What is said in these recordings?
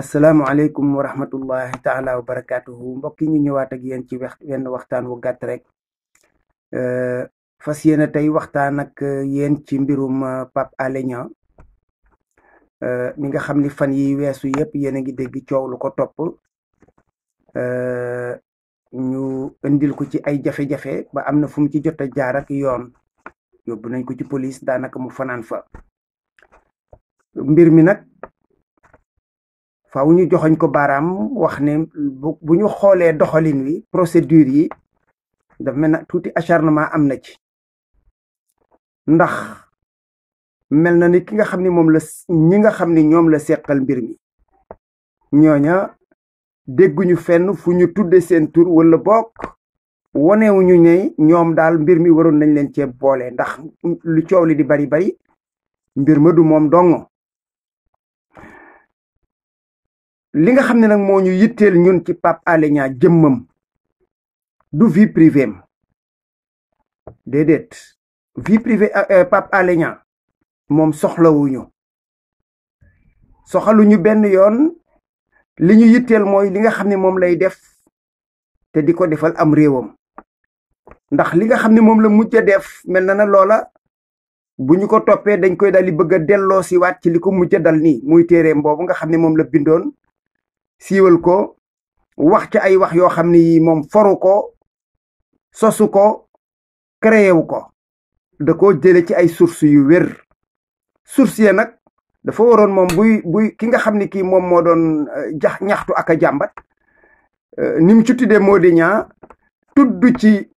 asalaamaaleykum wa rahmatullahi taala wa barakaatuhu mbokk yi ñu ñëwaat ak yéen ci wex wenn waxtaan wu gàtt rek fas yéene tey waxtaan ak e, yéen ci mbirum e, Pape Alé mi nga xam ni fan yi weesu yépp yéen a ngi dégg coow lu ko topp ñu indil ko ci ay jafe-jafe ba am na fu mu ci jot a jaar ak yoon yóbbu nañ ko ci police daanaka mu fanaan fa mbir mi nag faaw ñu joxoñ ko baaraam wax ne bu ñu xoolee doxalin wi procédure yi daf mel na tuuti acharnement am na ci ndax mel na ni ki nga xam ni moom la ñi nga xam ni ñoom la seqal mbir mi ñooña dégguñu fenn fu ñu tuddee seen tur wala bokk wonewuñu ne ñoom daal mbir mi waroon nañ leen cee boole ndax lu coow li di bari bari mbir ma du moom dongo li nga xam ne nag moo ñu yitteel ñun ci Pape Alé Niang du vie privée am déedéet vie privée euh, euh, Pape Alé moom soxlawuñu soxaluñu benn yoon li ñu yitteel mooy li nga xam ne moom lay def te di ko defal am réewam ndax li nga xam ne moom la mujj a def mel na na loola bu ñu ko toppee dañ koy daal di bëgg a delloo siwaat ci li ko mujj a dal nii muy téereem boobu nga xam ne moom la bindoon siwal ko wax ci ay wax yoo xam ni yii moom foru ko sosu ko créer wu ko da koo jële ci ay source yu wér source ya nag dafa waroon moom buy buy ki nga xam ni kii moom moo doon euh, jax ñaxtu ak a jàmbat euh, ni mu ci tuddee Mody Niang tudd ci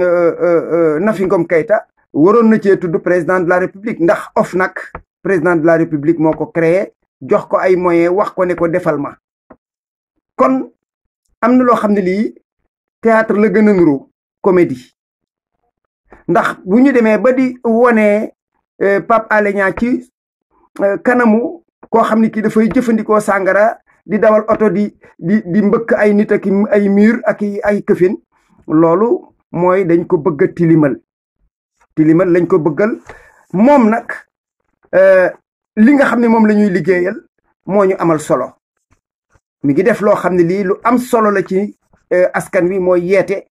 euh, Nafi Ngom Keïta waroon na cee tudd président de la république ndax OFNAC président de la république moo ko créer jox ko ay moyens wax ko ne ko defal ma kon am na loo xam ne lii théâtre la gën a nuru comédie ndax bu ñu demee ba di wonee euh, Pape Alé Niang ci euh, kanamu koo xam ne kii dafay jëfandikoo sàngara di dawal oto di di mbëkk ay nit ak ay miir ak ay këfin loolu mooy dañ ko bëgg a tilimal tilimal lañ ko bëggal moom nag euh, li nga xam ne moom la ñuy liggéeyal moo ñu amal solo mi ngi def loo xam ne lii lu am solo la ci euh, askan wi mooy yeete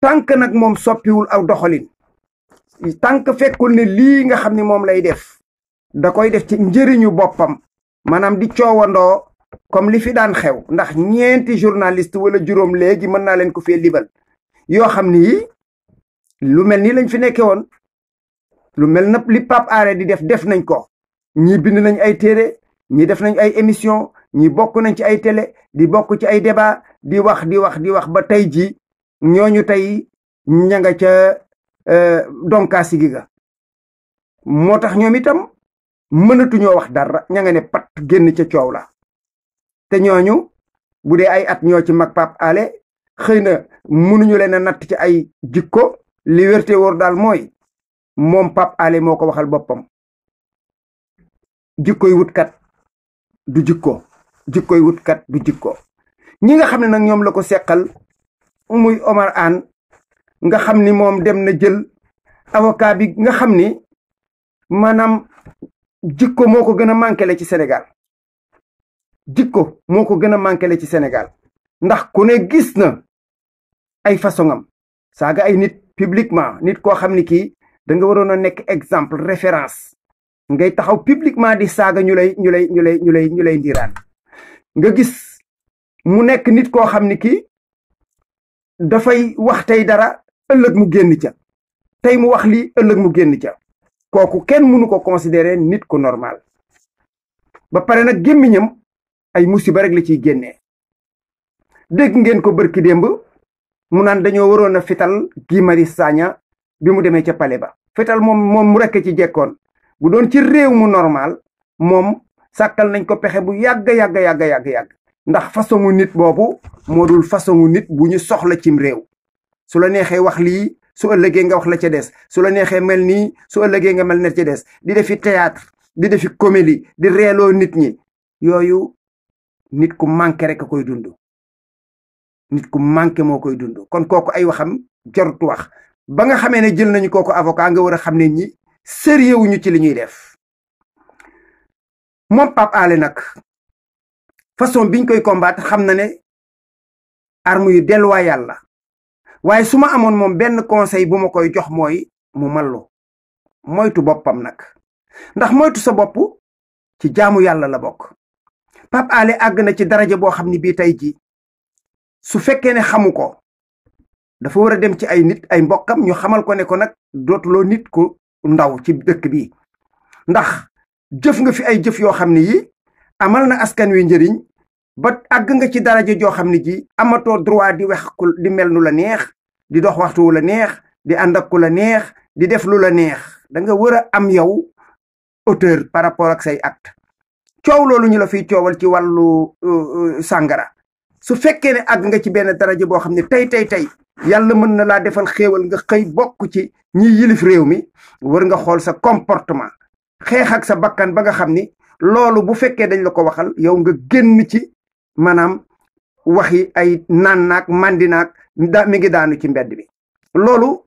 tànk nag moom soppiwul aw doxalin tànk fekkul ne lii nga xam ni moom lay def da koy def ci njëriñu boppam maanaam di coowandoo comme li fi daan xew ndax ñeenti journaliste wala juróom léegi mën naa leen ko fee libal yoo xam ni lu mel ni lañ fi nekke woon lu mel na li Pape di def def nañ ko ñii bind nañ ay téere ñii def nañ ay émission ñi bokk nañ ci ay télé di bokk ci ay débat di wax di wax di wax ba tey ji ñooñu tey ña nga ca euh, donkaasi gi moo tax ñoom itam mënatuñoo wax dara ña nga ne pat génn ca coow la te ñooñu bu dee ay at ñoo ci mag Pape Alé xëy na mënuñu leen a natt ci ay jikko li wérte wóor daal mooy moom Pape Alé moo ko waxal boppam jikkoy wutkat du jikko jikkoy wutkat du jikko ñi nga xam ne nag ñoom la ko seqal muy Omar Anne nga xam ni moom dem na jël avocat bi nga xam ni maanaam jikko moo ko gën a manqué le ci Sénégal jikko moo ko gën a manqué ci Sénégal ndax ku ne gis na ay façon am saaga ay nit publiquement nit koo xam ni kii danga nga waroon a nekk exemple référence ngay taxaw publiquement di saaga ñu lay ñu lay ñu lay ñu lay ñu lay ndiiraan nga gis mu nekk nit koo xam ni ki dafay wax tey dara ëllëg mu génn ca tey mu wax lii ëllëg mu génn ca kooku kenn mënu ko considérer nit ku normal ba pare nag gémmiñam ay musiba rek la ciy génnee dégg ngeen ko bërki démb mu naan dañoo waroon a fital Guy Marius Sagna bi mu demee ca pale ba fital moom mu rekk ci jekkoon bu doon ci réew mu normal moom sàkkal nañ ko pexe bu yàgg yàgg yàgg yàgg yàgg ndax façonu nit boobu moo dul façonu nit bu ñu soxla cim réew su la neexee wax lii su ëllëgee nga wax la ca des su la neexee mel nii su ëllëgee nga mel ne ca des di defi théâtre di defi comédie di reeloo nit ñi yooyu nit ku manqué rek koy dund nit ku manqué moo koy dund kon kooku ay waxam jarut wax ba nga xamee ne jël nañu kooku avocat nga war a xam ne ñi sérieux wuñu ci li ñuy def moom Pape Alé nag façon biñ koy combattre xam na ne arme yu delluwaayal la waaye su ma amoon moom benn conseil bu ma koy jox mooy mu mallu moytu boppam nag ndax moytu sa bopp ci jaamu yàlla la bokk Pape Alé àgg na ci daraja boo xam ni bii tey ji su fekkee ne xamu ko dafa war a dem ci ay nit ay mbokkam ñu xamal ko ne ko nag dootuloo nit ku ndaw ci dëkk bi ndax jëf nga fi ay jëf yoo xam ne yi amal na askan wi njëriñ ba àgg nga ci daraja joo xam ne ji amatoo droit di wax ku di mel nu la neex di dox waxtu wu la neex di ànd ak ku la neex di def lu la neex da nga war a am yow auteur par rapport ak say acte coow loolu ñu la fi coowal ci wàllu euh, euh, sàngara su fekkee ne àgg nga ci benn daraja boo xam ni tey tey tey yàlla mën na laa defal xéewal nga xëy bokk ci ñi yilif réew mi war nga xool sa comportement xeex ak sa bakkan ba nga xam ni loolu bu fekkee dañ la ko waxal yow nga génn ci maanaam waxi ay naan naag mandi naag da daanu ci mbedd bi loolu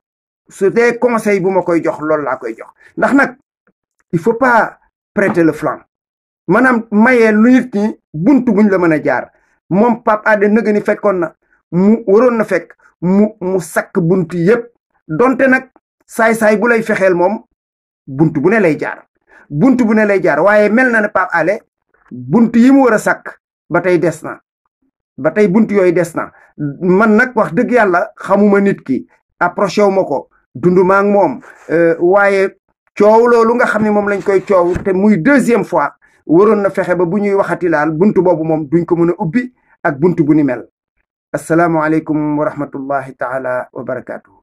su dee conseil bu ma koy jox loolu laa koy jox ndax nag il faut pas prêter la flanc maanaam mayee lu nit ñi buntu buñ la mën a jaar moom Pape Alé Niang fekkoon na mu waroon na fekk mu mu sakk bunt yépp donte nag saay-saay bu lay fexeel moom bunt bu ne lay jaar bunt bu ne lay jaar waaye mel na ne par ale bunt yi mu war a sàkk ba tey des na ba tey bunt yooyu des na man nag wax dëgg yàlla xamuma nit ki approché wu ma ko dundu ma ak moom euh, waaye coow nga xam ne moom lañ koy coow te muy deuxième fois waroon na fexe ba bu ñuy waxati laal bunt boobu moom duñ ko mën a ubbi ak bunt bu ni mel asalaamaaleykum wa rahmatullahi taala wa barakaatu.